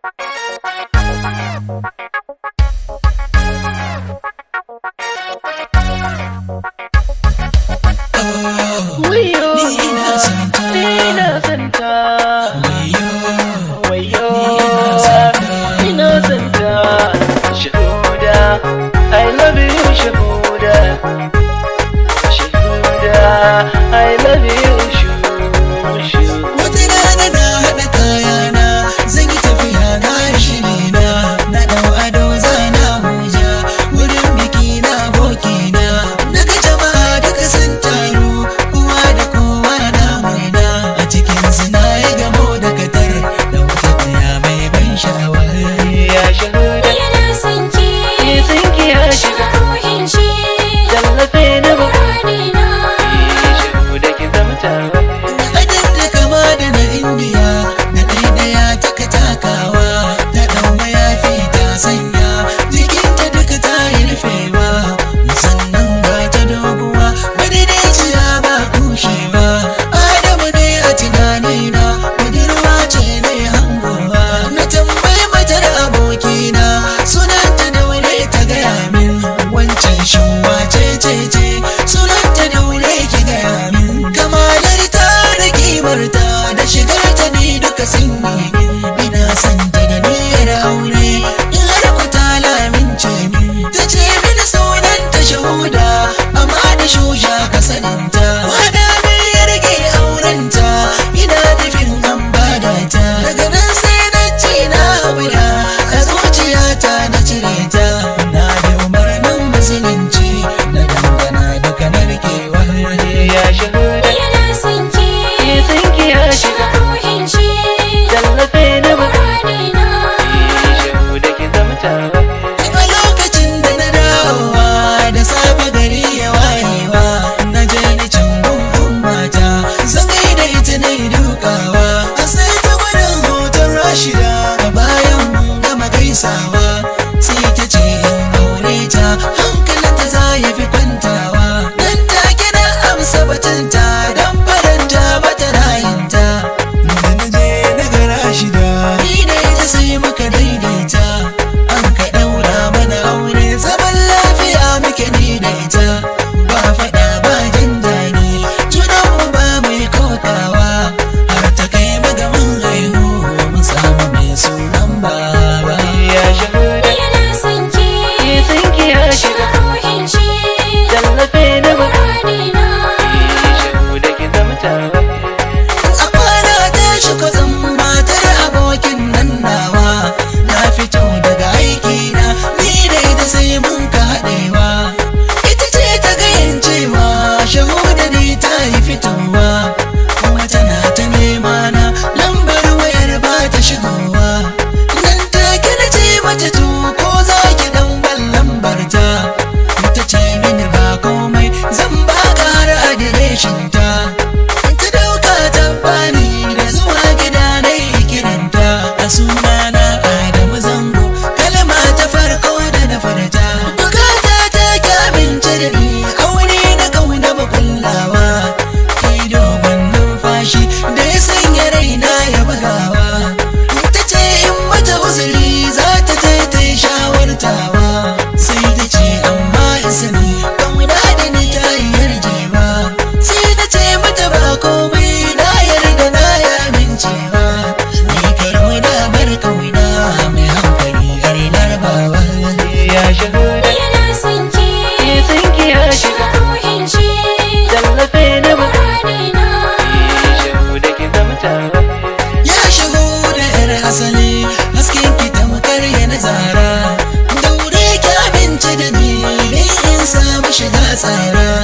Oh, Leo. ni tsara daure ki abinci da ni in samu shiga tsara